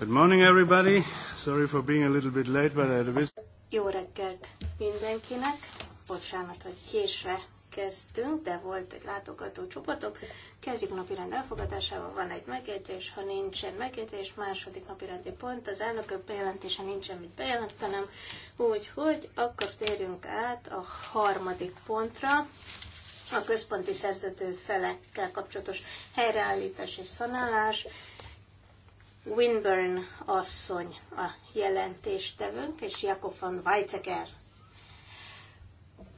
Good morning, everybody. Sorry for being a little bit late, but I had a visit. Jó reggelt mindenkinek. Bocsánat, hogy késve kezdtünk, de volt egy látogató csoportok. Kezdjük napirend elfogadásával, van egy megjegyzés, ha nincsen megjegyzés, második napirendi pont, az elnökök bejelentése nincsen mit bejelentenem, úgyhogy akkor térjünk át a harmadik pontra, a központi szerződő felekkel kapcsolatos helyreállítás és szanálás, Winburn asszony a jelentéstevőnk, és Jakob van Weizsäcker.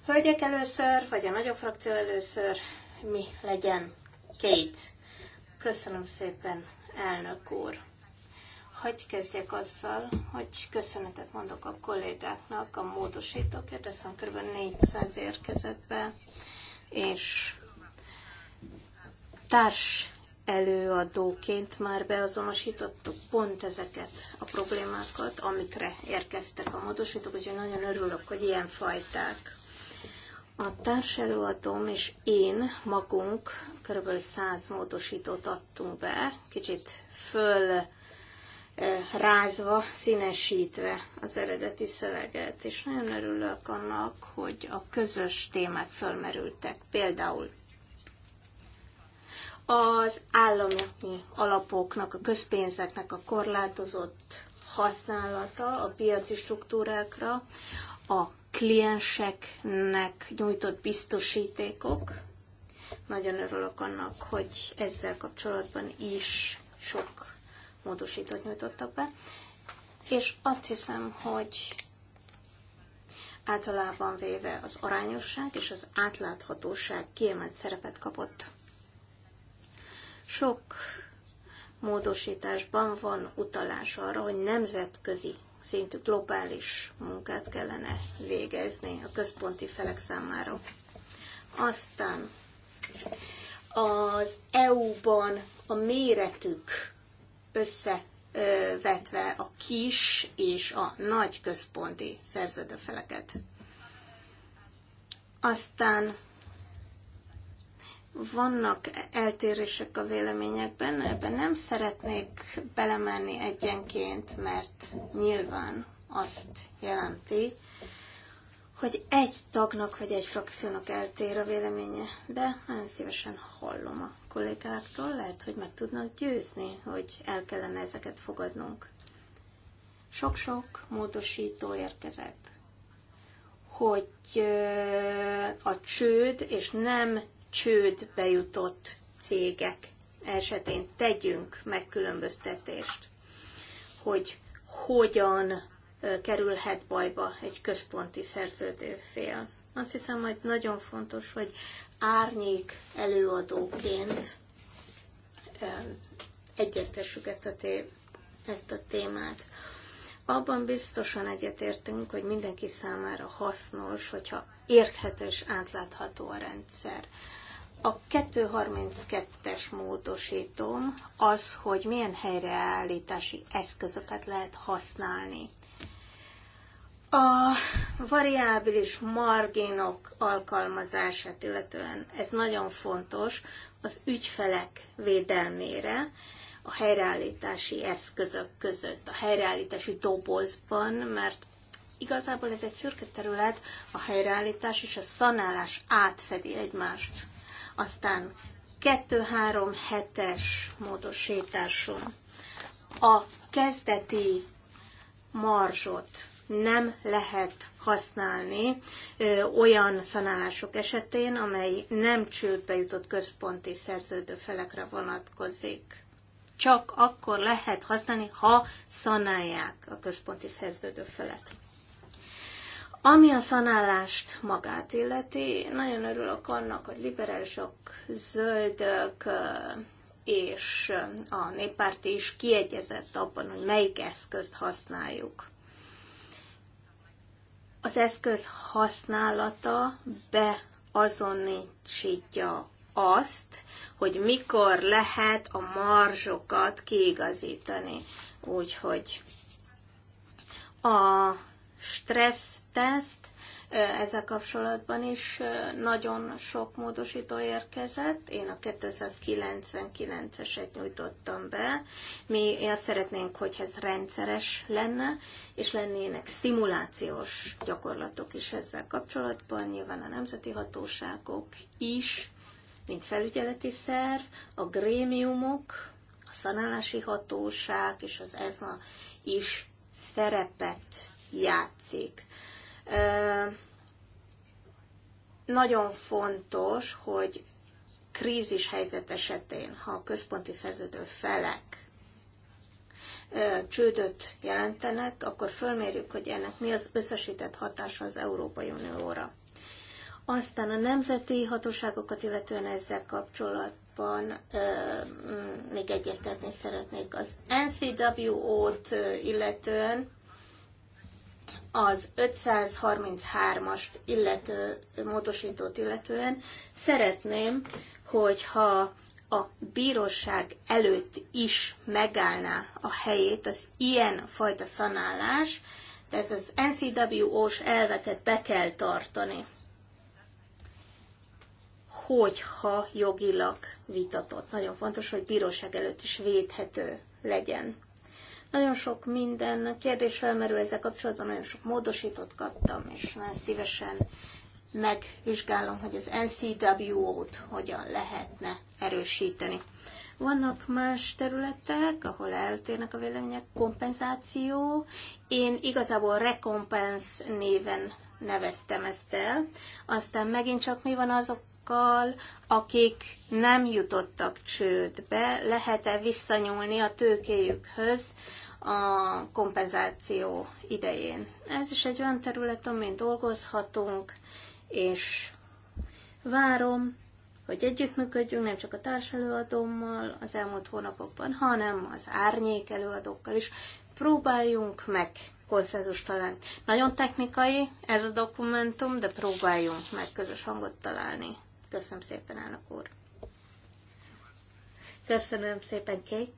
Hölgyek először, vagy a nagyobb frakció először, mi legyen? Két. Köszönöm szépen, elnök úr. Hogy kezdjek azzal, hogy köszönetet mondok a kollégáknak, a módosítókért, ezt kb. 400 érkezett be, és társ előadóként már beazonosítottuk pont ezeket a problémákat, amikre érkeztek a módosítók, úgyhogy nagyon örülök, hogy ilyen fajták. A társelőadóm és én magunk kb. 100 módosítót adtunk be, kicsit föl eh, rázva, színesítve az eredeti szöveget, és nagyon örülök annak, hogy a közös témák fölmerültek. Például az állami alapoknak, a közpénzeknek a korlátozott használata a piaci struktúrákra, a klienseknek nyújtott biztosítékok. Nagyon örülök annak, hogy ezzel kapcsolatban is sok módosítót nyújtottak be. És azt hiszem, hogy általában véve az arányosság és az átláthatóság kiemelt szerepet kapott sok módosításban van utalás arra, hogy nemzetközi szintű globális munkát kellene végezni a központi felek számára. Aztán az EU-ban a méretük összevetve a kis és a nagy központi szerződőfeleket. Aztán vannak eltérések a véleményekben, ebben nem szeretnék belemenni egyenként, mert nyilván azt jelenti, hogy egy tagnak vagy egy frakciónak eltér a véleménye, de nagyon szívesen hallom a kollégáktól, lehet, hogy meg tudnak győzni, hogy el kellene ezeket fogadnunk. Sok-sok módosító érkezett, hogy a csőd és nem csődbe jutott cégek esetén tegyünk megkülönböztetést, hogy hogyan kerülhet bajba egy központi szerződő fél. Azt hiszem, hogy nagyon fontos, hogy árnyék előadóként egyeztessük ezt a, té- ezt a témát. Abban biztosan egyetértünk, hogy mindenki számára hasznos, hogyha érthető és átlátható a rendszer. A 232-es módosítom az, hogy milyen helyreállítási eszközöket lehet használni. A variábilis marginok alkalmazását illetően ez nagyon fontos az ügyfelek védelmére a helyreállítási eszközök között, a helyreállítási dobozban, mert igazából ez egy szürke terület, a helyreállítás és a szanálás átfedi egymást. Aztán 2-3 hetes módosításon a kezdeti marzsot nem lehet használni ö, olyan szanálások esetén, amely nem csődbe jutott központi szerződő felekre vonatkozik. Csak akkor lehet használni, ha szanálják a központi szerződő felet. Ami a szanálást magát illeti, nagyon örülök annak, hogy liberálisok, zöldök és a néppárti is kiegyezett abban, hogy melyik eszközt használjuk. Az eszköz használata beazonítsítja azt, hogy mikor lehet a marzsokat kiigazítani. Úgyhogy a stressz teszt, ezzel kapcsolatban is nagyon sok módosító érkezett. Én a 299-eset nyújtottam be. Mi azt szeretnénk, hogy ez rendszeres lenne, és lennének szimulációs gyakorlatok is ezzel kapcsolatban. Nyilván a nemzeti hatóságok is, mint felügyeleti szerv, a grémiumok, a szanálási hatóság és az ESMA is szerepet játszik nagyon fontos, hogy krízis helyzet esetén, ha a központi szerződő felek csődöt jelentenek, akkor fölmérjük, hogy ennek mi az összesített hatása az Európai Unióra. Aztán a nemzeti hatóságokat, illetően ezzel kapcsolatban ö, még egyeztetni szeretnék az NCWO-t, illetően az 533-ast illető, módosítót illetően szeretném, hogyha a bíróság előtt is megállná a helyét az ilyen fajta szanálás, de ez az NCWO-s elveket be kell tartani, hogyha jogilag vitatott. Nagyon fontos, hogy bíróság előtt is védhető legyen. Nagyon sok minden kérdés felmerül ezzel kapcsolatban, nagyon sok módosítót kaptam, és nagyon szívesen megvizsgálom, hogy az NCW-t hogyan lehetne erősíteni. Vannak más területek, ahol eltérnek a vélemények, kompenzáció. Én igazából recompense néven neveztem ezt el. Aztán megint csak mi van azokkal, akik nem jutottak csődbe, lehet-e visszanyúlni a tőkéjükhöz, a kompenzáció idején. Ez is egy olyan terület, amin dolgozhatunk, és várom, hogy együttműködjünk nem csak a társelőadómmal az elmúlt hónapokban, hanem az árnyék előadókkal is. Próbáljunk meg konszenzus találni. Nagyon technikai ez a dokumentum, de próbáljunk meg közös hangot találni. Köszönöm szépen, elnök úr! Köszönöm szépen, Kate!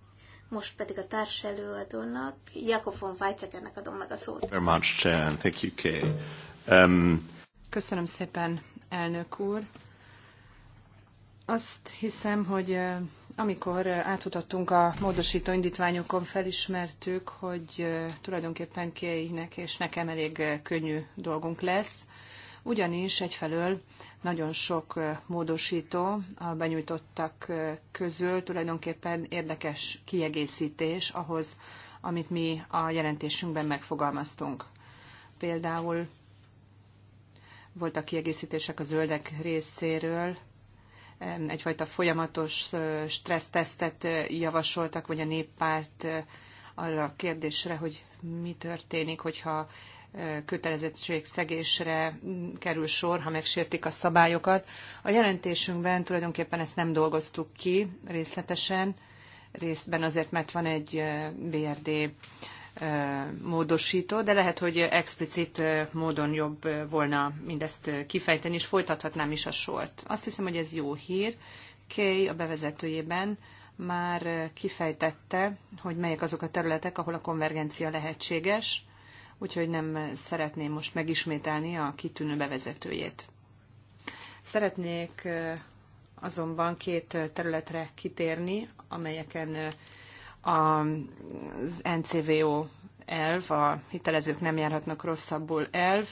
Most pedig a társ előadónak, Jakob von Weizsäckernek adom meg a szót. Very much, thank you, um, Köszönöm szépen, elnök úr. Azt hiszem, hogy amikor átutattunk a módosító indítványokon, felismertük, hogy tulajdonképpen Kéinek és nekem elég könnyű dolgunk lesz, ugyanis egyfelől nagyon sok módosító a benyújtottak közül tulajdonképpen érdekes kiegészítés ahhoz, amit mi a jelentésünkben megfogalmaztunk. Például voltak kiegészítések a zöldek részéről, egyfajta folyamatos stressztesztet javasoltak, vagy a néppárt arra a kérdésre, hogy mi történik, hogyha kötelezettségszegésre kerül sor, ha megsértik a szabályokat. A jelentésünkben tulajdonképpen ezt nem dolgoztuk ki részletesen, részben azért, mert van egy BRD módosító, de lehet, hogy explicit módon jobb volna mindezt kifejteni, és folytathatnám is a sort. Azt hiszem, hogy ez jó hír. Kay a bevezetőjében már kifejtette, hogy melyek azok a területek, ahol a konvergencia lehetséges, úgyhogy nem szeretném most megismételni a kitűnő bevezetőjét. Szeretnék azonban két területre kitérni, amelyeken az NCVO elv, a hitelezők nem járhatnak rosszabbul elv,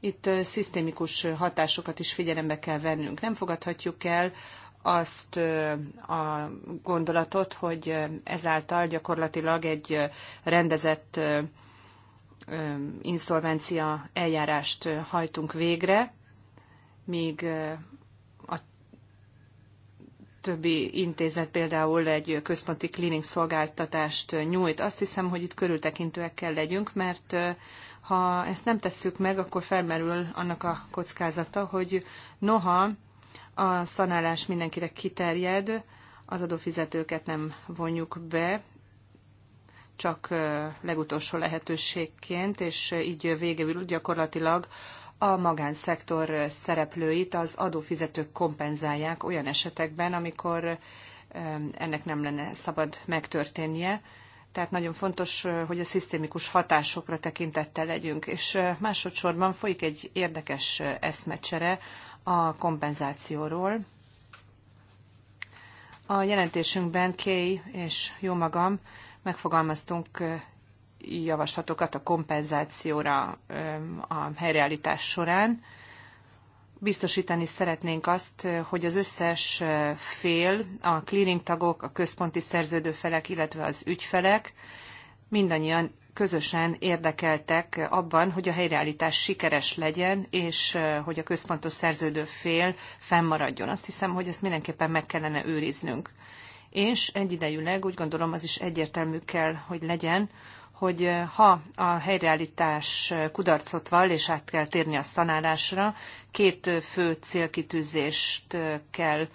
itt szisztémikus hatásokat is figyelembe kell vennünk. Nem fogadhatjuk el azt a gondolatot, hogy ezáltal gyakorlatilag egy rendezett inszolvencia eljárást hajtunk végre, míg a többi intézet például egy központi cleaning szolgáltatást nyújt. Azt hiszem, hogy itt körültekintőek kell legyünk, mert ha ezt nem tesszük meg, akkor felmerül annak a kockázata, hogy noha a szanálás mindenkire kiterjed, az adófizetőket nem vonjuk be, csak legutolsó lehetőségként, és így végül gyakorlatilag a magánszektor szereplőit az adófizetők kompenzálják olyan esetekben, amikor ennek nem lenne szabad megtörténnie. Tehát nagyon fontos, hogy a szisztémikus hatásokra tekintettel legyünk. És másodszorban folyik egy érdekes eszmecsere a kompenzációról. A jelentésünkben Kay és jó magam megfogalmaztunk javaslatokat a kompenzációra a helyreállítás során. Biztosítani szeretnénk azt, hogy az összes fél, a clearing tagok, a központi szerződőfelek, illetve az ügyfelek mindannyian közösen érdekeltek abban, hogy a helyreállítás sikeres legyen, és hogy a központos szerződő fél fennmaradjon. Azt hiszem, hogy ezt mindenképpen meg kellene őriznünk és egyidejűleg úgy gondolom az is egyértelmű kell, hogy legyen, hogy eh, ha a helyreállítás kudarcot vall, és át kell térni a szanálásra, két eh, fő célkitűzést eh, kell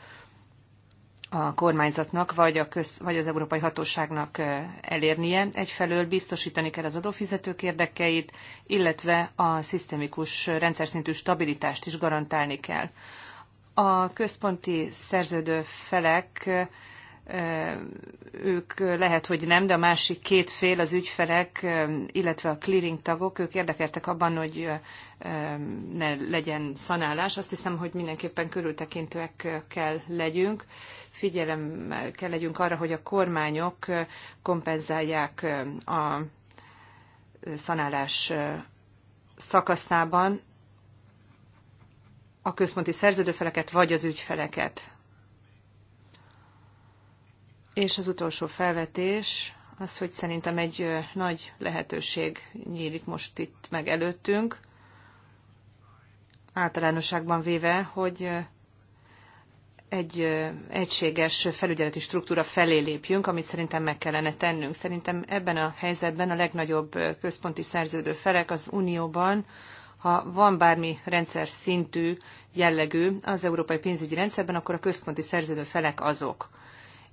a kormányzatnak, vagy, a köz, vagy az európai hatóságnak elérnie. Egyfelől biztosítani kell az adófizetők érdekeit, illetve a szisztemikus szintű stabilitást is garantálni kell. A központi szerződő felek ők lehet, hogy nem, de a másik két fél, az ügyfelek, illetve a clearing tagok, ők érdekeltek abban, hogy ne legyen szanálás. Azt hiszem, hogy mindenképpen körültekintőek kell legyünk. Figyelem kell legyünk arra, hogy a kormányok kompenzálják a szanálás szakaszában a központi szerződőfeleket vagy az ügyfeleket és az utolsó felvetés az, hogy szerintem egy nagy lehetőség nyílik most itt meg előttünk, általánosságban véve, hogy egy egységes felügyeleti struktúra felé lépjünk, amit szerintem meg kellene tennünk. Szerintem ebben a helyzetben a legnagyobb központi szerződő felek az Unióban, ha van bármi rendszer szintű jellegű az európai pénzügyi rendszerben, akkor a központi szerződő felek azok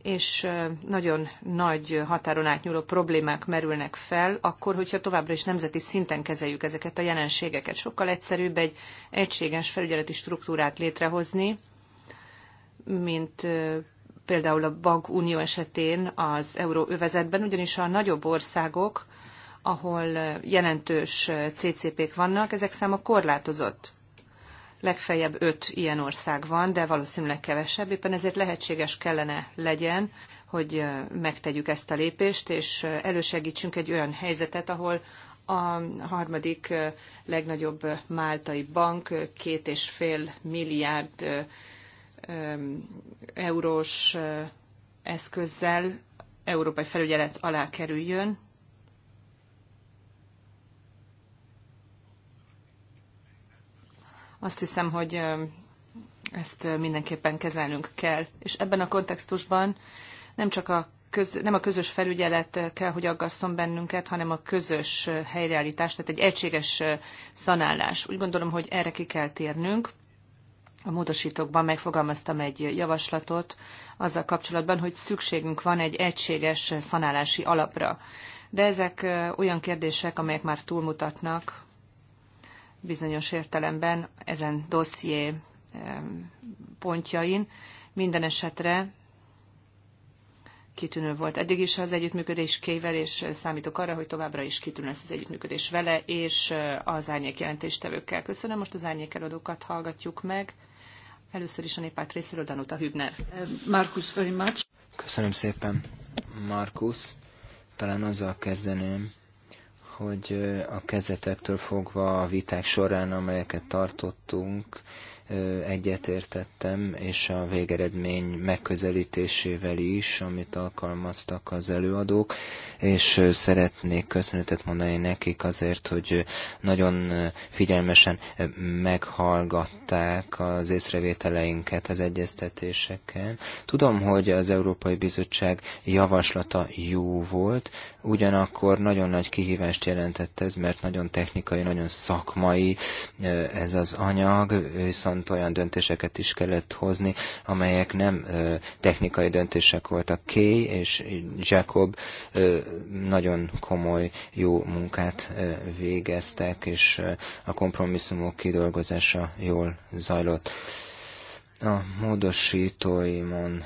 és nagyon nagy határon átnyúló problémák merülnek fel, akkor, hogyha továbbra is nemzeti szinten kezeljük ezeket a jelenségeket. Sokkal egyszerűbb egy egységes felügyeleti struktúrát létrehozni, mint például a bankunió esetén az euróövezetben, ugyanis a nagyobb országok, ahol jelentős CCP-k vannak, ezek száma korlátozott legfeljebb öt ilyen ország van, de valószínűleg kevesebb, éppen ezért lehetséges kellene legyen, hogy megtegyük ezt a lépést, és elősegítsünk egy olyan helyzetet, ahol a harmadik legnagyobb máltai bank két és fél milliárd eurós eszközzel európai felügyelet alá kerüljön, Azt hiszem, hogy ezt mindenképpen kezelnünk kell. És ebben a kontextusban nem csak a köz, nem a közös felügyelet kell, hogy aggasszon bennünket, hanem a közös helyreállítás, tehát egy egységes szanálás. Úgy gondolom, hogy erre ki kell térnünk. A módosítókban megfogalmaztam egy javaslatot azzal kapcsolatban, hogy szükségünk van egy egységes szanálási alapra. De ezek olyan kérdések, amelyek már túlmutatnak bizonyos értelemben ezen dosszié pontjain. Minden esetre kitűnő volt. Eddig is az együttműködés kével, és számítok arra, hogy továbbra is kitűnő lesz az együttműködés vele, és az árnyék jelentéstevőkkel. Köszönöm, most az árnyék előadókat hallgatjuk meg. Először is a néppárt részéről Danuta Hübner. Markus, very much. Köszönöm szépen, Markus. Talán azzal kezdeném, hogy a kezetektől fogva a viták során, amelyeket tartottunk, egyetértettem, és a végeredmény megközelítésével is, amit alkalmaztak az előadók, és szeretnék köszönetet mondani nekik azért, hogy nagyon figyelmesen meghallgatták az észrevételeinket az egyeztetéseken. Tudom, hogy az Európai Bizottság javaslata jó volt, ugyanakkor nagyon nagy kihívást jelentett ez, mert nagyon technikai, nagyon szakmai ez az anyag, viszont viszont olyan döntéseket is kellett hozni, amelyek nem technikai döntések voltak. Kay és Jacob nagyon komoly, jó munkát végeztek, és a kompromisszumok kidolgozása jól zajlott. A módosítóimon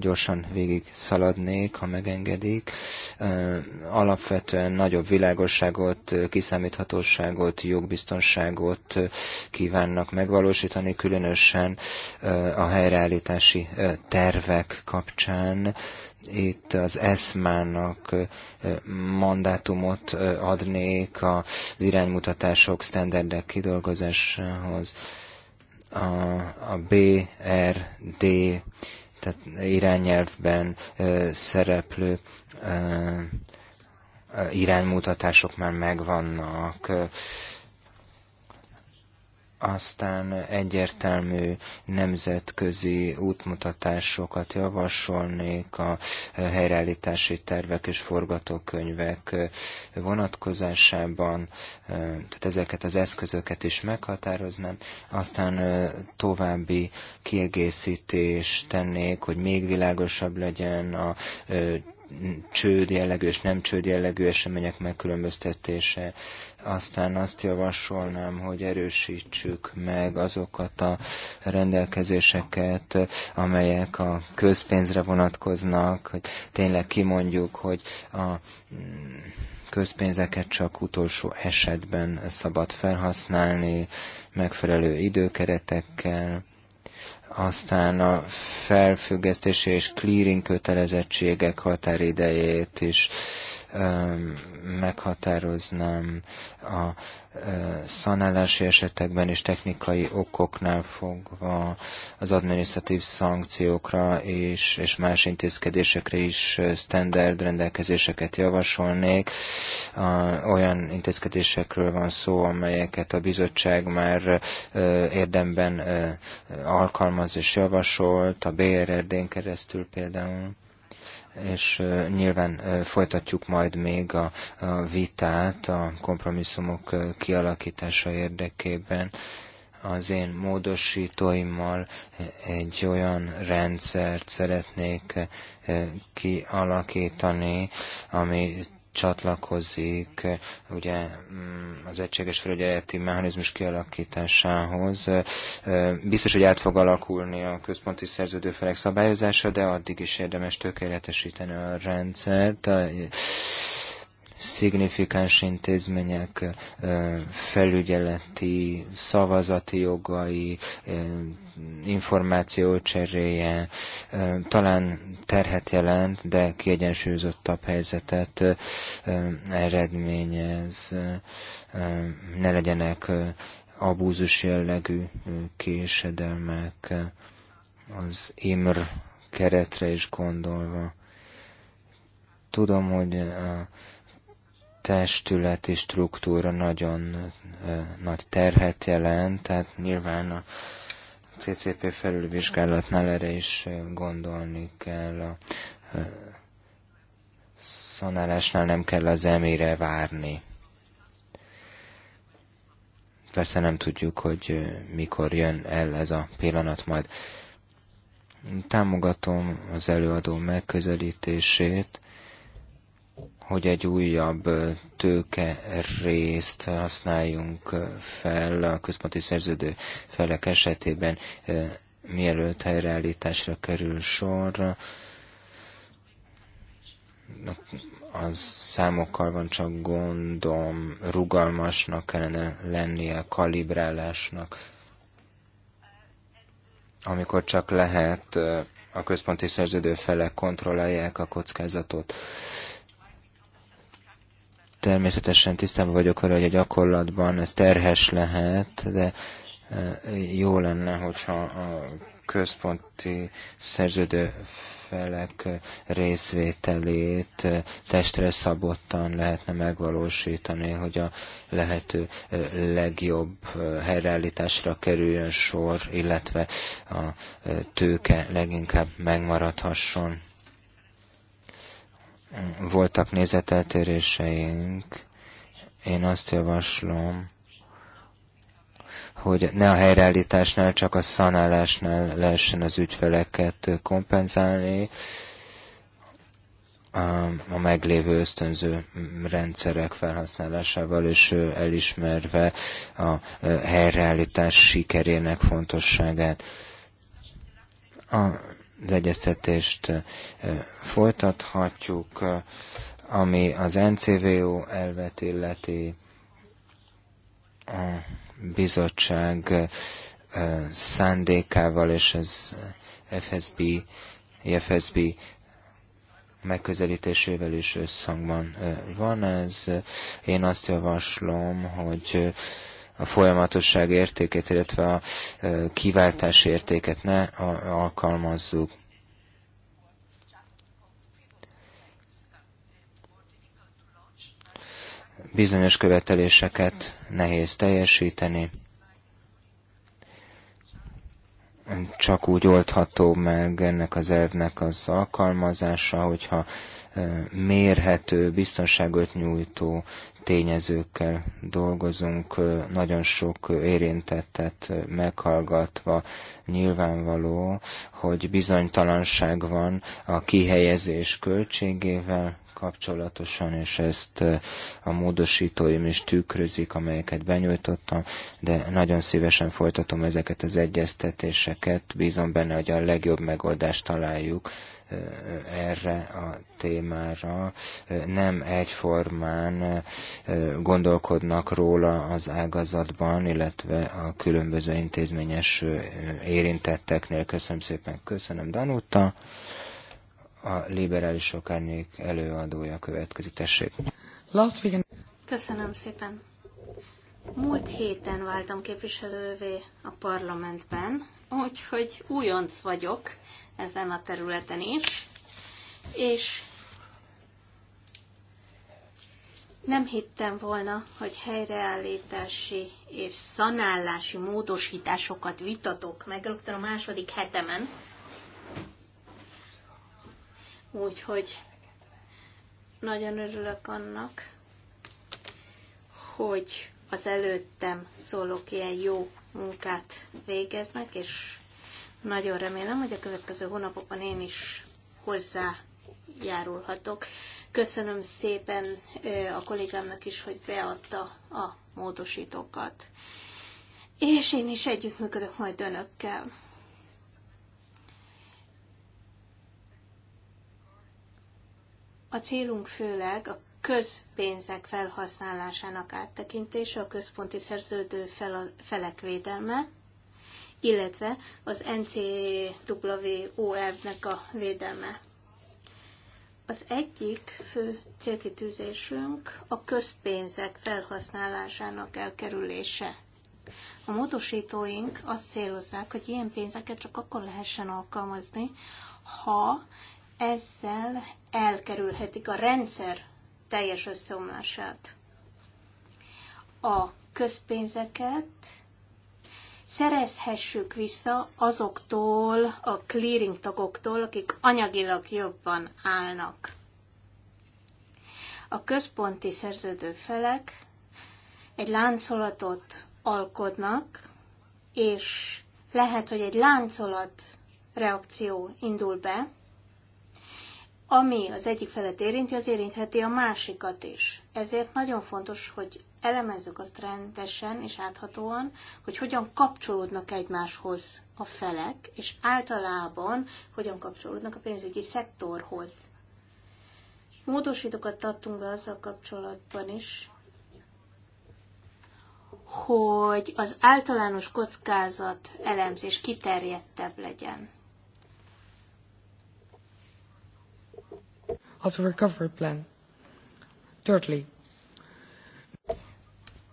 gyorsan végig szaladnék, ha megengedik. Alapvetően nagyobb világosságot, kiszámíthatóságot, jogbiztonságot kívánnak megvalósítani, különösen a helyreállítási tervek kapcsán. Itt az ESMA-nak mandátumot adnék az iránymutatások, sztenderdek kidolgozásához a, a BRD tehát irányelvben ö, szereplő ö, iránymutatások már megvannak. Ö, aztán egyértelmű nemzetközi útmutatásokat javasolnék a helyreállítási tervek és forgatókönyvek vonatkozásában, tehát ezeket az eszközöket is meghatároznám, aztán további kiegészítést tennék, hogy még világosabb legyen a csőd jellegű és nem csőd jellegű események megkülönböztetése. Aztán azt javasolnám, hogy erősítsük meg azokat a rendelkezéseket, amelyek a közpénzre vonatkoznak, hogy tényleg kimondjuk, hogy a mm, közpénzeket csak utolsó esetben szabad felhasználni, megfelelő időkeretekkel, aztán a felfüggesztési és clearing kötelezettségek határidejét is meghatároznám a szanálási esetekben és technikai okoknál fogva az adminisztratív szankciókra és, és más intézkedésekre is standard rendelkezéseket javasolnék. A, olyan intézkedésekről van szó, amelyeket a bizottság már ö, érdemben ö, alkalmaz és javasolt, a BRRD-n keresztül például és nyilván folytatjuk majd még a, vitát a kompromisszumok kialakítása érdekében. Az én módosítóimmal egy olyan rendszert szeretnék kialakítani, ami csatlakozik ugye mm, az egységes felügyeleti mechanizmus kialakításához. Biztos, hogy át fog alakulni a központi szerződőfelek szabályozása, de addig is érdemes tökéletesíteni a rendszert. A szignifikáns intézmények felügyeleti, szavazati jogai, információ cseréje talán terhet jelent, de kiegyensúlyozottabb helyzetet eredményez, ne legyenek abúzus jellegű késedelmek az IMR keretre is gondolva. Tudom, hogy a testületi struktúra nagyon nagy terhet jelent, tehát nyilván a CCP felülvizsgálatnál erre is gondolni kell. A szanálásnál nem kell az emére várni. Persze nem tudjuk, hogy mikor jön el ez a pillanat majd. Támogatom az előadó megközelítését, hogy egy újabb tőke részt használjunk fel a központi szerződő felek esetében, mielőtt helyreállításra kerül sor. A számokkal van csak gondom, rugalmasnak kellene lennie a kalibrálásnak. Amikor csak lehet, a központi szerződő felek kontrollálják a kockázatot Természetesen tisztában vagyok arra, hogy a gyakorlatban ez terhes lehet, de e, jó lenne, hogyha a központi szerződő felek részvételét e, testre szabottan lehetne megvalósítani, hogy a lehető e, legjobb helyreállításra kerüljön sor, illetve a tőke leginkább megmaradhasson. Voltak nézeteltéréseink. Én azt javaslom, hogy ne a helyreállításnál, csak a szanálásnál lehessen az ügyfeleket kompenzálni a meglévő ösztönző rendszerek felhasználásával, és elismerve a eh, helyreállítás sikerének fontosságát. A az egyeztetést folytathatjuk, ami az NCVO elvet illeti a bizottság szándékával és az FSB, FSB megközelítésével is összhangban van ez. Én azt javaslom, hogy a folyamatosság értékét, illetve a kiváltás értéket ne alkalmazzuk. Bizonyos követeléseket nehéz teljesíteni. Csak úgy oldható meg ennek az elvnek az alkalmazása, hogyha mérhető, biztonságot nyújtó tényezőkkel dolgozunk, nagyon sok érintettet meghallgatva nyilvánvaló, hogy bizonytalanság van a kihelyezés költségével, kapcsolatosan, és ezt a módosítóim is tükrözik, amelyeket benyújtottam, de nagyon szívesen folytatom ezeket az egyeztetéseket, bízom benne, hogy a legjobb megoldást találjuk erre a témára, nem egyformán eh, gondolkodnak róla az ágazatban, illetve a különböző intézményes eh, érintetteknél. Köszönöm szépen, köszönöm Danuta. A liberális árnyék előadója következik, tessék. Köszönöm szépen. Múlt héten váltam képviselővé a parlamentben, úgyhogy újonc vagyok, ezen a területen is, és nem hittem volna, hogy helyreállítási és szanálási módosításokat vitatok meg rögtön a második hetemen. Úgyhogy nagyon örülök annak, hogy az előttem szólók ilyen jó munkát végeznek, és nagyon remélem, hogy a következő hónapokban én is hozzájárulhatok. Köszönöm szépen a kollégámnak is, hogy beadta a módosítókat. És én is együttműködök majd önökkel. A célunk főleg a közpénzek felhasználásának áttekintése, a központi szerződő felek védelme, illetve az NCWOR-nek a védelme. Az egyik fő célkitűzésünk a közpénzek felhasználásának elkerülése. A módosítóink azt célozzák, hogy ilyen pénzeket csak akkor lehessen alkalmazni, ha ezzel elkerülhetik a rendszer teljes összeomlását. A közpénzeket szerezhessük vissza azoktól a clearing tagoktól, akik anyagilag jobban állnak. A központi szerződő felek egy láncolatot alkotnak, és lehet, hogy egy láncolat reakció indul be, ami az egyik felet érinti, az érintheti a másikat is. Ezért nagyon fontos, hogy elemezzük azt rendesen és áthatóan, hogy hogyan kapcsolódnak egymáshoz a felek, és általában hogyan kapcsolódnak a pénzügyi szektorhoz. Módosítókat adtunk be azzal kapcsolatban is, hogy az általános kockázat elemzés kiterjedtebb legyen. Of the recovery plan. Thirdly,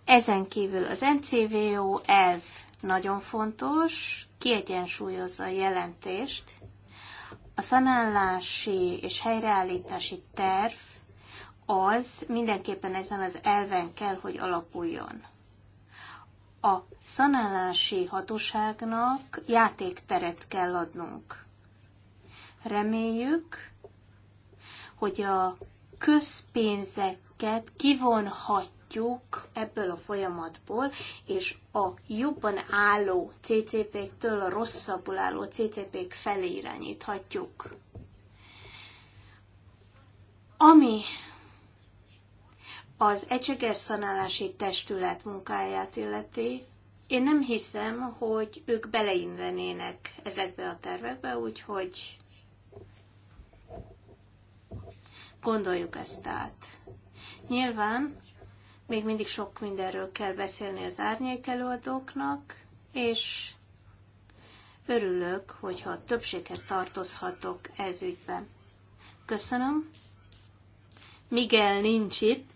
ezen kívül az NCVO elv nagyon fontos, kiegyensúlyozza a jelentést. A szanálási és helyreállítási terv az mindenképpen ezen az elven kell, hogy alapuljon. A szanálási hatóságnak játékteret kell adnunk. Reméljük, hogy a közpénzeket kivonhatjuk kiszakadhatjuk ebből a folyamatból, és a jobban álló CCP-től a rosszabbul álló CCP-k felé irányíthatjuk. Ami az egységes szanálási testület munkáját illeti, én nem hiszem, hogy ők beleinenének ezekbe a tervekbe, úgyhogy gondoljuk ezt át. Nyilván még mindig sok mindenről kell beszélni az árnyék előadóknak, és örülök, hogyha a többséghez tartozhatok ez ügyben. Köszönöm. Miguel nincs itt,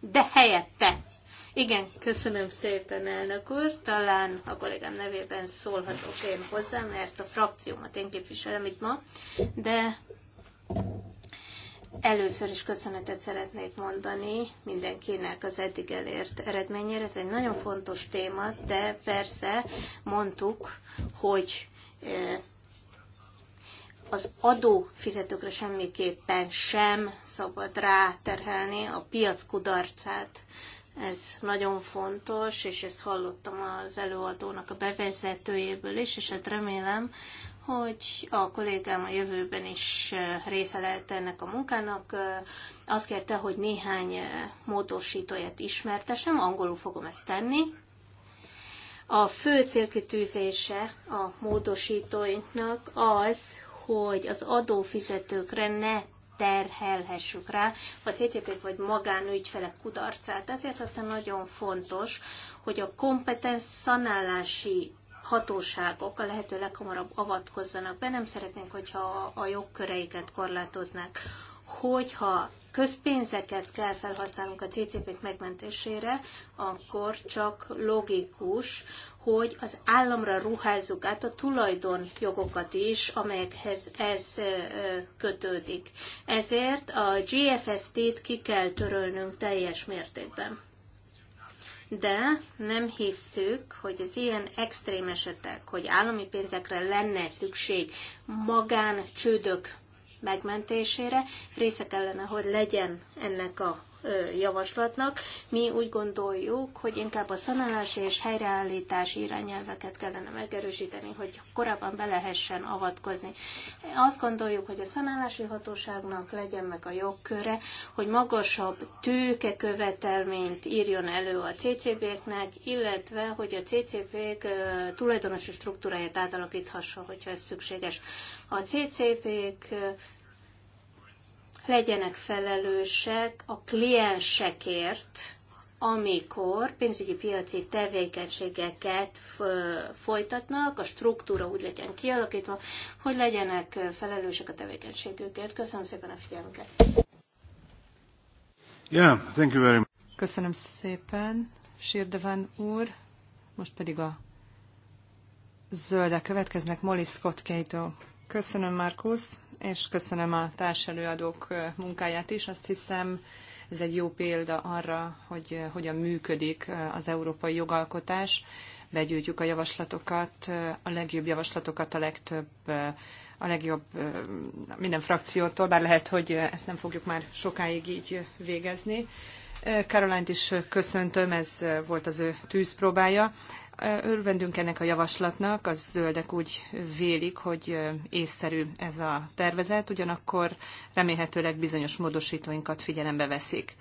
de helyette. Igen, köszönöm szépen, elnök úr. Talán a kollégám nevében szólhatok én hozzá, mert a frakciómat én képviselem itt ma, de Először is köszönetet szeretnék mondani mindenkinek az eddig elért eredményére. Ez egy nagyon fontos téma, de persze mondtuk, hogy az adófizetőkre semmiképpen sem szabad ráterhelni a piac kudarcát. Ez nagyon fontos, és ezt hallottam az előadónak a bevezetőjéből is, és hát remélem, hogy a kollégám a jövőben is eh, része lehet ennek a munkának. Eh, azt kérte, hogy néhány eh, módosítóját ismertesem, angolul fogom ezt tenni. A fő célkitűzése a módosítóinknak az, hogy az adófizetőkre ne terhelhessük rá a CTP vagy magánügyfelek kudarcát. Ezért aztán nagyon fontos, hogy a kompetens szanálási hatóságok a lehető leghamarabb avatkozzanak be, nem szeretnénk, hogyha a jogköreiket korlátoznák. Hogyha közpénzeket kell felhasználnunk a CCP-k megmentésére, akkor csak logikus, hogy az államra ruházzuk át a tulajdonjogokat is, amelyekhez ez kötődik. Ezért a GFST-t ki kell törölnünk teljes mértékben de nem hisszük, hogy az ilyen extrém esetek, hogy állami pénzekre lenne szükség magán csődök megmentésére, része kellene, hogy legyen ennek a javaslatnak. Mi úgy gondoljuk, hogy inkább a szanálás és helyreállítás irányelveket kellene megerősíteni, hogy korábban be lehessen avatkozni. Azt gondoljuk, hogy a szanálási hatóságnak legyen meg a jogköre, hogy magasabb követelményt írjon elő a CCB-knek, illetve hogy a CCB-k tulajdonosi struktúráját átalakíthassa, hogyha ez szükséges. A CCP-k legyenek felelősek a kliensekért, amikor pénzügyi piaci tevékenységeket folytatnak, a struktúra úgy legyen kialakítva, hogy legyenek felelősek a tevékenységükért. Köszönöm szépen a figyelmüket. Yeah, thank you very much. Köszönöm szépen, Sirdevan úr. Most pedig a zöldek következnek, Molly Scott Kato. Köszönöm, Markus és köszönöm a társelőadók munkáját is. Azt hiszem, ez egy jó példa arra, hogy hogyan működik az európai jogalkotás. Begyűjtjük a javaslatokat, a legjobb javaslatokat a legtöbb, a legjobb minden frakciótól, bár lehet, hogy ezt nem fogjuk már sokáig így végezni. Karolányt is köszöntöm, ez volt az ő tűzpróbája. Örvendünk ennek a javaslatnak, a zöldek úgy vélik, hogy észszerű ez a tervezet, ugyanakkor remélhetőleg bizonyos módosítóinkat figyelembe veszik.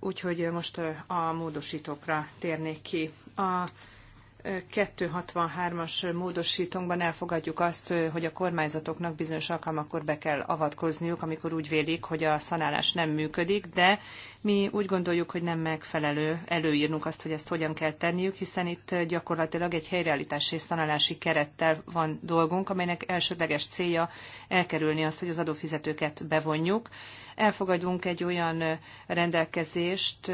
Úgyhogy most a módosítókra térnék ki. A 263-as módosítónkban elfogadjuk azt, hogy a kormányzatoknak bizonyos alkalmakkor be kell avatkozniuk, amikor úgy vélik, hogy a szanálás nem működik, de mi úgy gondoljuk, hogy nem megfelelő előírnunk azt, hogy ezt hogyan kell tenniük, hiszen itt gyakorlatilag egy helyreállítási és szanálási kerettel van dolgunk, amelynek elsődleges célja elkerülni azt, hogy az adófizetőket bevonjuk, elfogadunk egy olyan rendelkezést,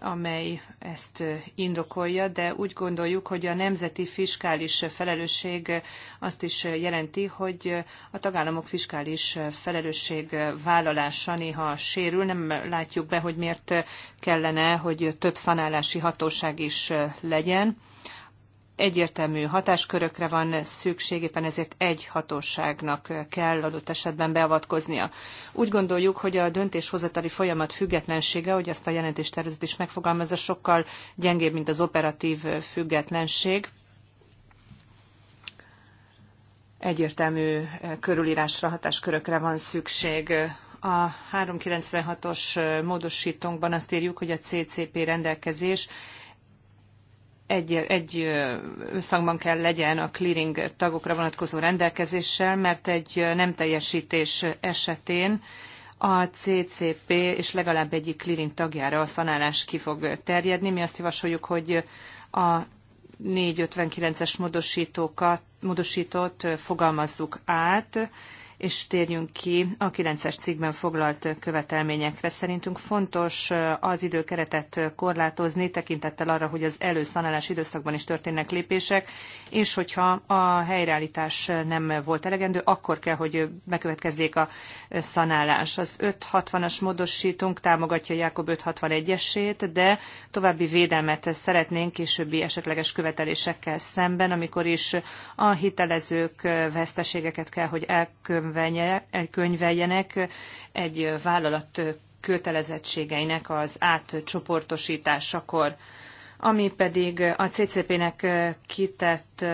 amely ezt indokolja, de úgy gondoljuk, hogy a nemzeti fiskális felelősség azt is jelenti, hogy a tagállamok fiskális felelősség vállalása néha sérül. Nem látjuk be, hogy miért kellene, hogy több szanálási hatóság is legyen egyértelmű hatáskörökre van szükség, éppen ezért egy hatóságnak kell adott esetben beavatkoznia. Úgy gondoljuk, hogy a döntéshozatali folyamat függetlensége, hogy ezt a jelentéstervezet is megfogalmazza, sokkal gyengébb, mint az operatív függetlenség. Egyértelmű körülírásra, hatáskörökre van szükség a 396-os módosítónkban azt írjuk, hogy a CCP rendelkezés egy, egy összhangban kell legyen a clearing tagokra vonatkozó rendelkezéssel, mert egy nem teljesítés esetén a CCP és legalább egyik clearing tagjára a szanálás ki fog terjedni. Mi azt javasoljuk, hogy a 459-es módosítókat, módosítót fogalmazzuk át, és térjünk ki a 9-es cikkben foglalt követelményekre. Szerintünk fontos az időkeretet korlátozni, tekintettel arra, hogy az előszanálás időszakban is történnek lépések, és hogyha a helyreállítás nem volt elegendő, akkor kell, hogy bekövetkezzék a szanálás. Az 560-as módosítunk támogatja Jákob 561-esét, de további védelmet szeretnénk későbbi esetleges követelésekkel szemben, amikor is a hitelezők veszteségeket kell, hogy elkövetkezzék, könyveljenek eh, eh, egy eh, vállalat kötelezettségeinek az átcsoportosításakor ami pedig a CCP-nek kitett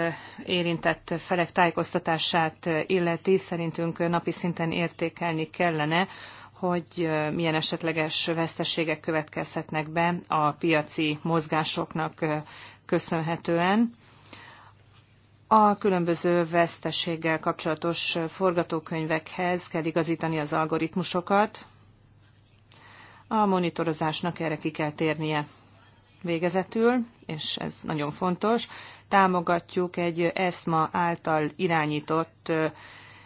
érintett felek tájékoztatását illeti, szerintünk napi szinten értékelni kellene, hogy milyen esetleges veszteségek következhetnek be a piaci mozgásoknak köszönhetően a különböző veszteséggel kapcsolatos forgatókönyvekhez kell igazítani az algoritmusokat. A monitorozásnak erre ki kell térnie. Végezetül, és ez nagyon fontos, támogatjuk egy ESMA által irányított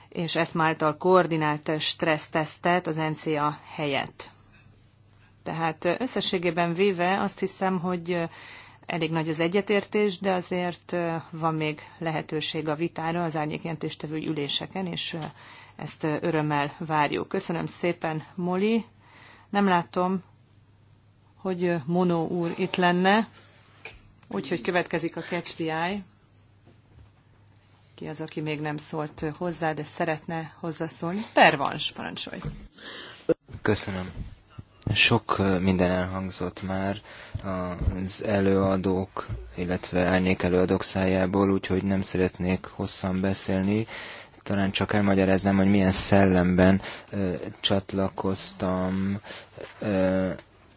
és ESMA által koordinált stressztesztet az NCA helyett. Tehát összességében véve azt hiszem, hogy elég nagy az egyetértés, de azért van még lehetőség a vitára az árnyékjelentéstevő üléseken, és ezt örömmel várjuk. Köszönöm szépen, Moli. Nem látom, hogy Monó úr itt lenne, úgyhogy következik a Catch the Eye. Ki az, aki még nem szólt hozzá, de szeretne hozzászólni? Pervans, parancsolj! Köszönöm. Sok minden elhangzott már az előadók, illetve árnyék előadók szájából, úgyhogy nem szeretnék hosszan beszélni. Talán csak elmagyaráznám, hogy milyen szellemben ö, csatlakoztam, ö,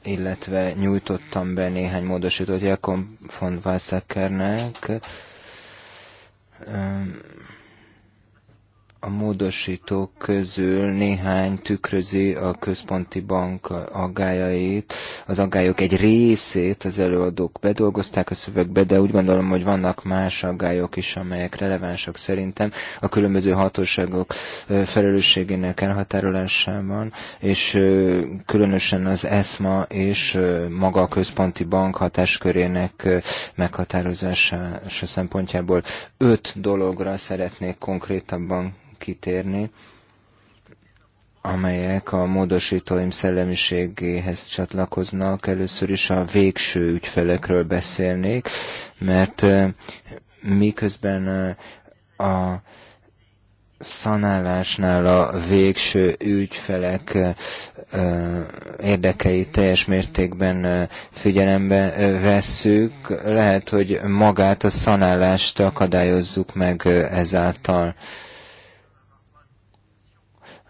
illetve nyújtottam be néhány módosítót Jakob von Weizsäckernek a módosítók közül néhány tükrözi a központi bank aggájait. Az aggályok egy részét az előadók bedolgozták a szövegbe, de úgy gondolom, hogy vannak más aggályok is, amelyek relevánsak szerintem a különböző hatóságok felelősségének elhatárolásában, és különösen az ESMA és maga a központi bank hatáskörének meghatározása szempontjából öt dologra szeretnék konkrétabban kitérni, amelyek a módosítóim szellemiségéhez csatlakoznak. Először is a végső ügyfelekről beszélnék, mert miközben a szanálásnál a végső ügyfelek érdekei teljes mértékben figyelembe vesszük, lehet, hogy magát a szanálást akadályozzuk meg ezáltal.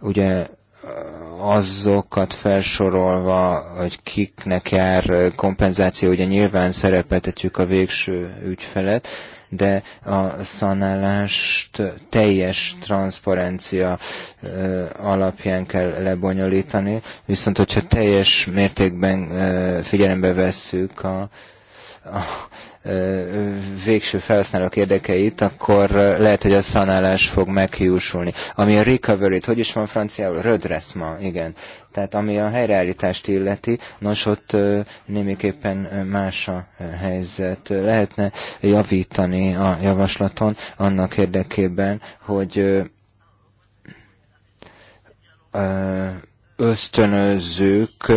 Ugye azokat felsorolva, hogy kiknek jár kompenzáció, ugye nyilván szerepeltetjük a végső ügyfelet, de a szanálást teljes transzparencia alapján kell lebonyolítani, viszont hogyha teljes mértékben figyelembe vesszük a a végső felhasználók érdekeit, akkor lehet, hogy a szanálás fog meghiúsulni. Ami a recovery-t, hogy is van franciául? Rödreszma, igen. Tehát ami a helyreállítást illeti, nos ott némiképpen más a helyzet. Lehetne javítani a javaslaton annak érdekében, hogy ö, ösztönözzük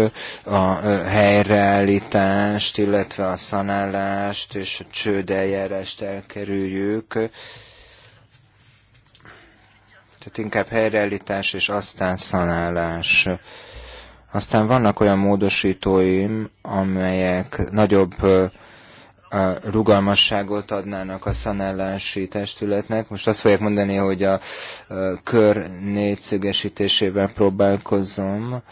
a helyreállítást, illetve a szanálást és a csődeljárást elkerüljük. Tehát inkább helyreállítás és aztán szanálás. Aztán vannak olyan módosítóim, amelyek nagyobb a rugalmasságot adnának a szanellási testületnek. Most azt fogják mondani, hogy a, a kör négyszögesítésével próbálkozom,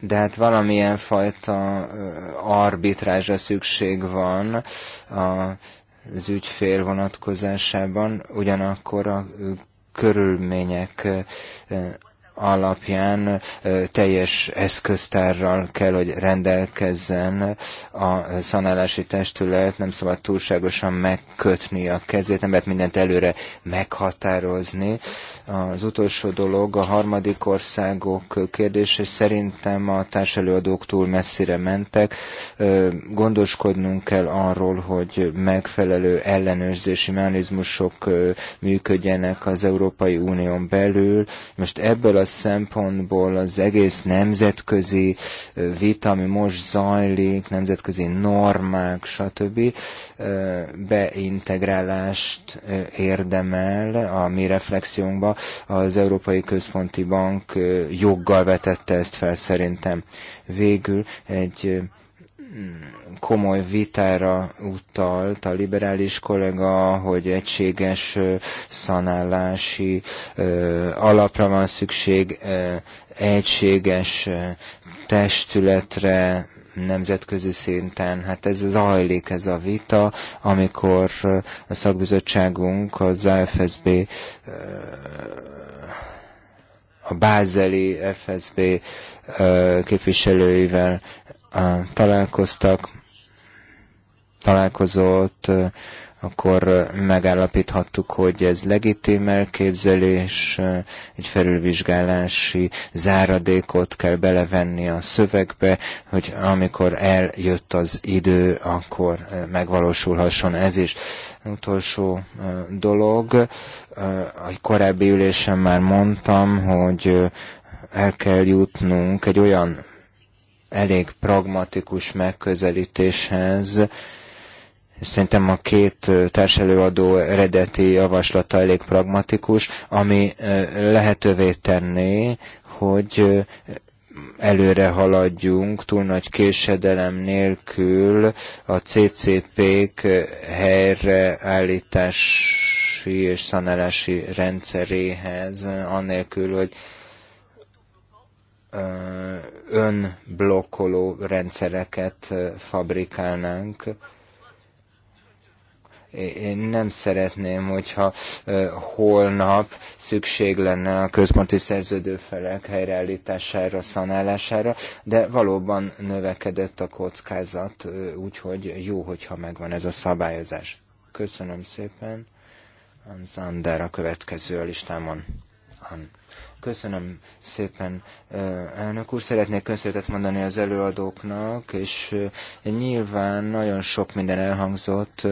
de hát valamilyen fajta arbitrázsa szükség van a az ügyfél vonatkozásában, ugyanakkor a körülmények alapján teljes eszköztárral kell, hogy rendelkezzen a szanálási testület, nem szabad túlságosan megkötni a kezét, nem lehet mindent előre meghatározni. Az utolsó dolog a harmadik országok kérdése szerintem a társelőadók túl messzire mentek. Gondoskodnunk kell arról, hogy megfelelő ellenőrzési mechanizmusok működjenek az Európai Unión belül. Most ebből a szempontból az egész nemzetközi vita, ami most zajlik, nemzetközi normák, stb. beintegrálást érdemel a mi reflexiónkba. Az Európai Központi Bank joggal vetette ezt fel szerintem. Végül egy komoly vitára utalt a liberális kollega, hogy egységes szanálási alapra van szükség, egységes testületre, nemzetközi szinten. Hát ez zajlik ez a vita, amikor a szakbizottságunk az FSB a bázeli FSB képviselőivel találkoztak, találkozott, akkor megállapíthattuk, hogy ez legitim elképzelés, egy felülvizsgálási záradékot kell belevenni a szövegbe, hogy amikor eljött az idő, akkor megvalósulhasson ez is. Utolsó dolog, a korábbi ülésen már mondtam, hogy el kell jutnunk egy olyan elég pragmatikus megközelítéshez, Szerintem a két társelőadó eredeti javaslata elég pragmatikus, ami lehetővé tenné, hogy előre haladjunk, túl nagy késedelem nélkül a CCP-k helyreállítási és szanálási rendszeréhez, anélkül, hogy önblokkoló rendszereket fabrikálnánk. Én nem szeretném, hogyha holnap szükség lenne a központi szerződőfelek helyreállítására, szanálására, de valóban növekedett a kockázat, úgyhogy jó, hogyha megvan ez a szabályozás. Köszönöm szépen. Zander a következő a listámon. Köszönöm szépen, elnök úr. Szeretnék köszönetet mondani az előadóknak, és nyilván nagyon sok minden elhangzott,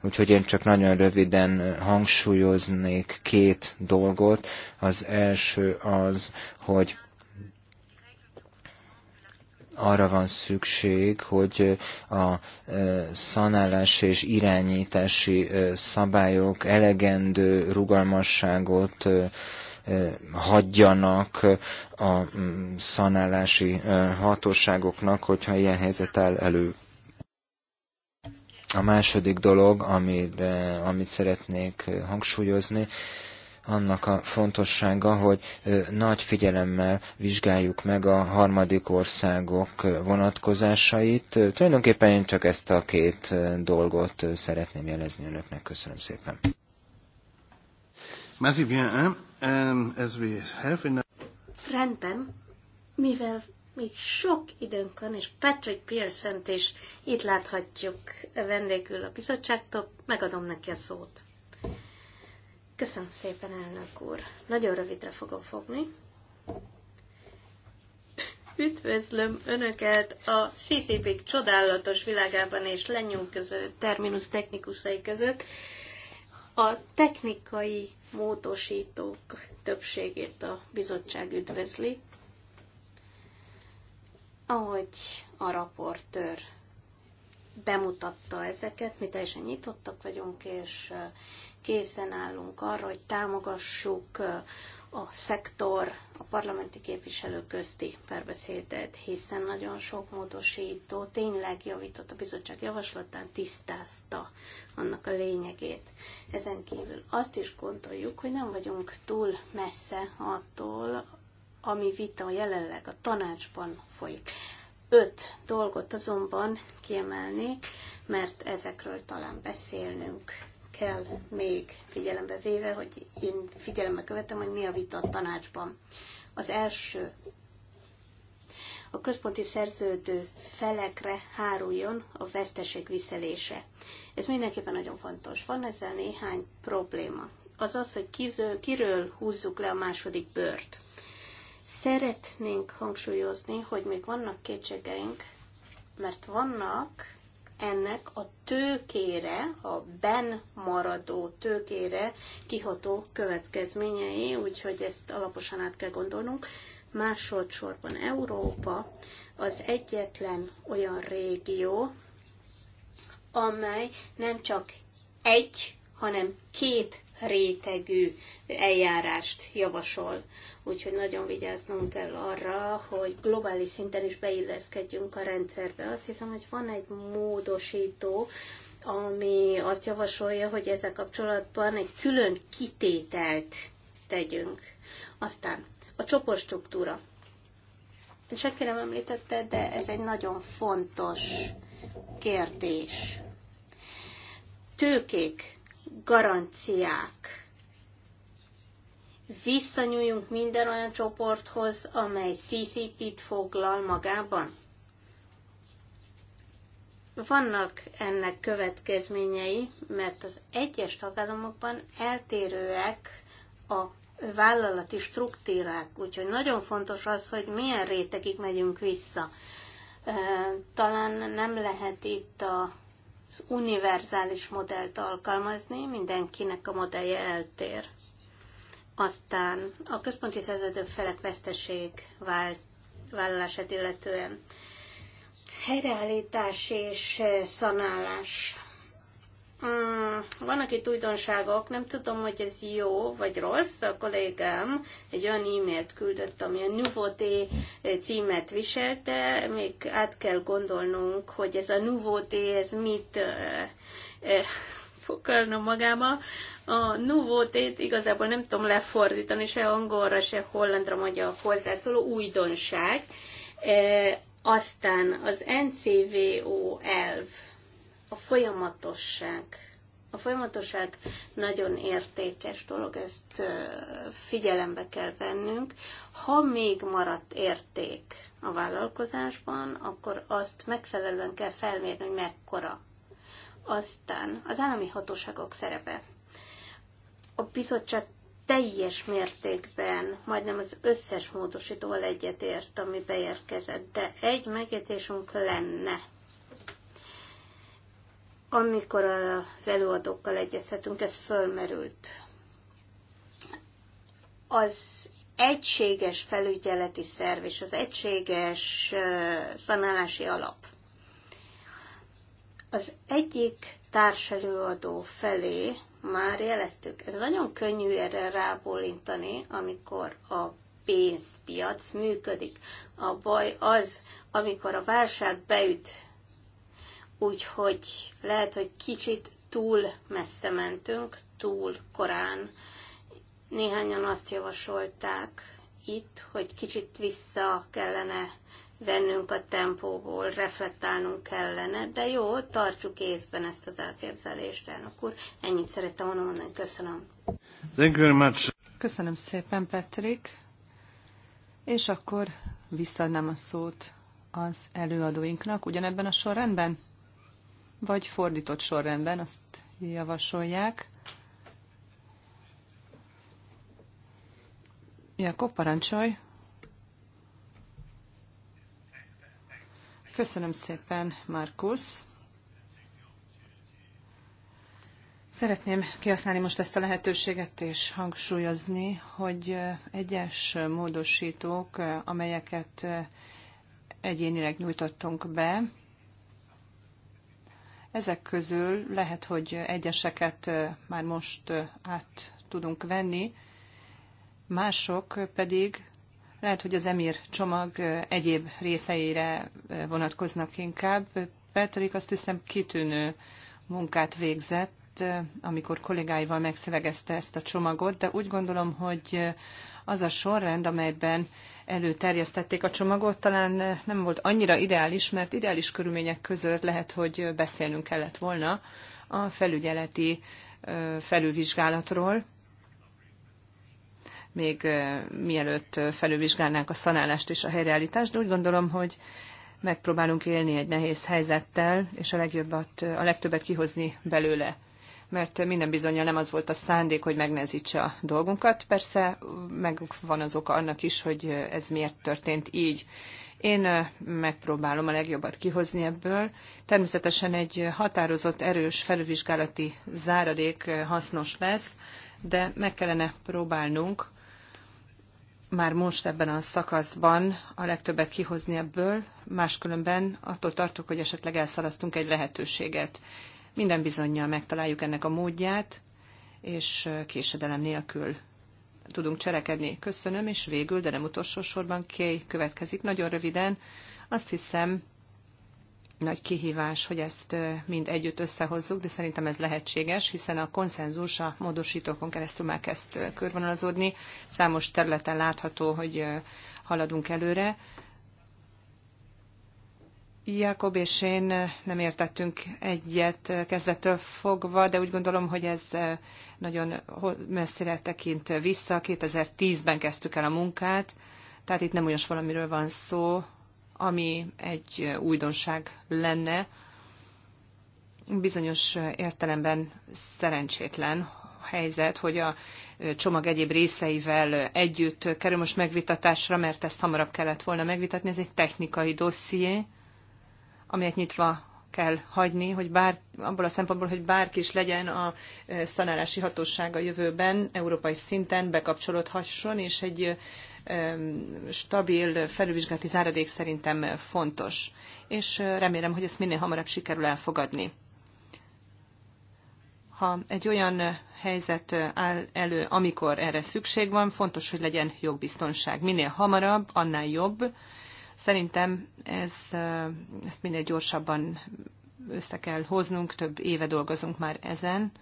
úgyhogy én csak nagyon röviden hangsúlyoznék két dolgot. Az első az, hogy arra van szükség, hogy a szanálás és irányítási szabályok elegendő rugalmasságot hagyjanak a mm, szanálási hatóságoknak, hogyha ilyen helyzet áll elő. A második dolog, amit, amit szeretnék hangsúlyozni, annak a fontossága, hogy nagy figyelemmel vizsgáljuk meg a harmadik országok vonatkozásait. Tulajdonképpen én csak ezt a két dolgot szeretném jelezni önöknek. Köszönöm szépen. Merci bien. And as we have in a... Rendben, mivel még sok időnk van, és Patrick Pearson-t is itt láthatjuk vendégül a bizottságtól, megadom neki a szót. Köszönöm szépen, elnök úr. Nagyon rövidre fogom fogni. Üdvözlöm Önöket a ccp csodálatos világában és lenyűgöző terminus technikusai között a technikai módosítók többségét a bizottság üdvözli, ahogy a raportőr bemutatta ezeket, mi teljesen nyitottak vagyunk, és készen állunk arra, hogy támogassuk a szektor, a parlamenti képviselők közti perbeszédet, hiszen nagyon sok módosító tényleg javított a bizottság javaslatán, tisztázta annak a lényegét. Ezen kívül azt is gondoljuk, hogy nem vagyunk túl messze attól, ami vita jelenleg a tanácsban folyik. Öt dolgot azonban kiemelnék, mert ezekről talán beszélnünk kell még figyelembe véve, hogy én figyelembe követem, hogy mi a vita a tanácsban. Az első, a központi szerződő felekre háruljon a veszteség viszelése. Ez mindenképpen nagyon fontos. Van ezzel néhány probléma. Az az, hogy kizől, kiről húzzuk le a második bört. Szeretnénk hangsúlyozni, hogy még vannak kétségeink, mert vannak ennek a tőkére, a ben maradó tőkére kiható következményei, úgyhogy ezt alaposan át kell gondolnunk. Másodszorban Európa az egyetlen olyan régió, amely nem csak egy, hanem két rétegű eljárást javasol. Úgyhogy nagyon vigyáznunk kell arra, hogy globális szinten is beilleszkedjünk a rendszerbe. Azt hiszem, hogy van egy módosító, ami azt javasolja, hogy ezzel kapcsolatban egy külön kitételt tegyünk. Aztán a csoportstruktúra. Senki nem említette, de ez egy nagyon fontos kérdés. Tőkék garanciák. Visszanyúljunk minden olyan csoporthoz, amely CCP-t foglal magában. Vannak ennek következményei, mert az egyes tagállamokban eltérőek a vállalati struktúrák, úgyhogy nagyon fontos az, hogy milyen rétegig megyünk vissza. Talán nem lehet itt a az univerzális modellt alkalmazni, mindenkinek a modellje eltér. Aztán a központi szerződő felek veszteség vállalását illetően helyreállítás és szanálás Hmm, vannak itt újdonságok, nem tudom, hogy ez jó vagy rossz. A kollégám egy olyan e-mailt küldött, ami a Nouveauté címet viselte, még át kell gondolnunk, hogy ez a Nouveauté, ez mit eh, eh, foglalna magába. A Nouveauté-t igazából nem tudom lefordítani se angolra, se hollandra, magyar hozzászóló újdonság. Eh, aztán az NCVO elv a folyamatosság. A folyamatosság nagyon értékes dolog, ezt figyelembe kell vennünk. Ha még maradt érték a vállalkozásban, akkor azt megfelelően kell felmérni, hogy mekkora. Aztán az állami hatóságok szerepe. A bizottság teljes mértékben, majdnem az összes módosítóval egyetért, ami beérkezett, de egy megjegyzésünk lenne amikor az előadókkal egyezhetünk, ez fölmerült. Az egységes felügyeleti szerv és az egységes szanálási alap. Az egyik társelőadó felé már jeleztük, ez nagyon könnyű erre rábólintani, amikor a pénzpiac működik. A baj az, amikor a válság beüt Úgyhogy lehet, hogy kicsit túl messze mentünk, túl korán. Néhányan azt javasolták itt, hogy kicsit vissza kellene vennünk a tempóból, reflektálnunk kellene, de jó, tartsuk észben ezt az elképzelést, elnök úr. Ennyit szerettem volna mondani, köszönöm. Thank you very much. Köszönöm szépen, Patrick. És akkor visszaadnám a szót az előadóinknak ugyanebben a sorrendben vagy fordított sorrendben, azt javasolják. Jakob, parancsolj! Köszönöm szépen, Markus! Szeretném kihasználni most ezt a lehetőséget és hangsúlyozni, hogy egyes módosítók, amelyeket egyénileg nyújtottunk be, ezek közül lehet, hogy egyeseket már most át tudunk venni, mások pedig lehet, hogy az emír csomag egyéb részeire vonatkoznak inkább. Petrik azt hiszem kitűnő munkát végzett, amikor kollégáival megszövegezte ezt a csomagot, de úgy gondolom, hogy az a sorrend, amelyben előterjesztették a csomagot, talán eh, nem volt annyira ideális, mert ideális körülmények között lehet, hogy beszélnünk kellett volna a felügyeleti eh, felülvizsgálatról, még eh, mielőtt felülvizsgálnánk a szanálást és a helyreállítást, de úgy gondolom, hogy megpróbálunk élni egy nehéz helyzettel, és a, legjobbat, a legtöbbet kihozni belőle mert minden bizonyal nem az volt a szándék, hogy megnezítse a dolgunkat. Persze meg van az oka annak is, hogy ez miért történt így. Én megpróbálom a legjobbat kihozni ebből. Természetesen egy határozott, erős felülvizsgálati záradék hasznos lesz, de meg kellene próbálnunk már most ebben a szakaszban a legtöbbet kihozni ebből, máskülönben attól tartok, hogy esetleg elszalasztunk egy lehetőséget. Minden bizonyal megtaláljuk ennek a módját, és késedelem nélkül tudunk cselekedni. Köszönöm, és végül, de nem utolsó sorban Kay következik. Nagyon röviden, azt hiszem, nagy kihívás, hogy ezt mind együtt összehozzuk, de szerintem ez lehetséges, hiszen a konszenzus a módosítókon keresztül már kezd körvonalazódni. Számos területen látható, hogy haladunk előre. Jakob és én nem értettünk egyet kezdettől fogva, de úgy gondolom, hogy ez eh, nagyon messzire tekint vissza. 2010-ben kezdtük el a munkát, tehát itt nem olyas valamiről van szó, ami egy eh, újdonság lenne. Bizonyos eh, értelemben szerencsétlen helyzet, hogy a csomag egyéb részeivel együtt kerül most megvitatásra, mert ezt hamarabb kellett volna megvitatni. Ez egy technikai dosszié, amelyet nyitva kell hagyni, hogy bár, abból a szempontból, hogy bárki is legyen a e, szanálási hatóság a jövőben, európai szinten bekapcsolódhasson, és egy e, e, stabil felülvizsgálati záradék szerintem fontos. És remélem, hogy ezt minél hamarabb sikerül elfogadni. Ha egy olyan helyzet áll elő, amikor erre szükség van, fontos, hogy legyen jogbiztonság. Minél hamarabb, annál jobb Szerintem ez, ezt minél gyorsabban össze kell hoznunk, több éve dolgozunk már ezen.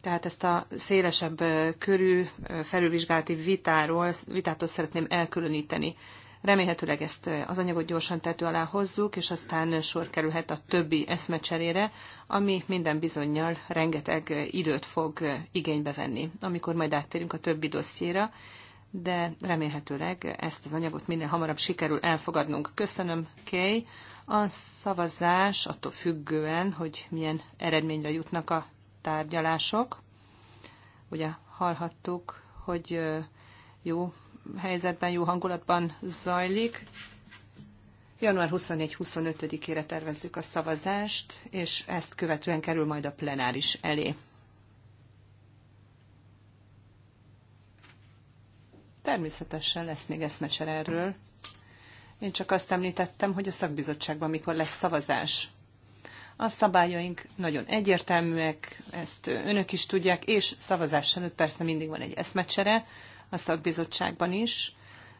Tehát ezt a szélesebb körű felülvizsgálati vitáról, vitától szeretném elkülöníteni. Remélhetőleg ezt az anyagot gyorsan tető alá hozzuk, és aztán sor kerülhet a többi eszmecserére, ami minden bizonyal rengeteg időt fog igénybe venni, amikor majd áttérünk a többi dossziéra, de remélhetőleg ezt az anyagot minél hamarabb sikerül elfogadnunk. Köszönöm, Kay. A szavazás attól függően, hogy milyen eredményre jutnak a tárgyalások. Ugye hallhattuk, hogy jó helyzetben, jó hangulatban zajlik. Január 24-25-ére tervezzük a szavazást, és ezt követően kerül majd a plenáris elé. Természetesen lesz még eszmecser erről. Én csak azt említettem, hogy a szakbizottságban mikor lesz szavazás. A szabályaink nagyon egyértelműek, ezt önök is tudják, és szavazás előtt persze mindig van egy eszmecsere a szakbizottságban is.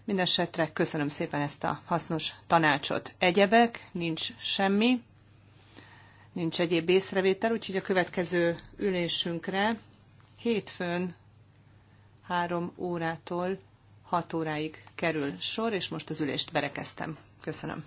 Mindenesetre köszönöm szépen ezt a hasznos tanácsot. Egyebek, nincs semmi, nincs egyéb észrevétel, úgyhogy a következő ülésünkre hétfőn három órától 6 óráig kerül sor, és most az ülést berekeztem. Köszönöm.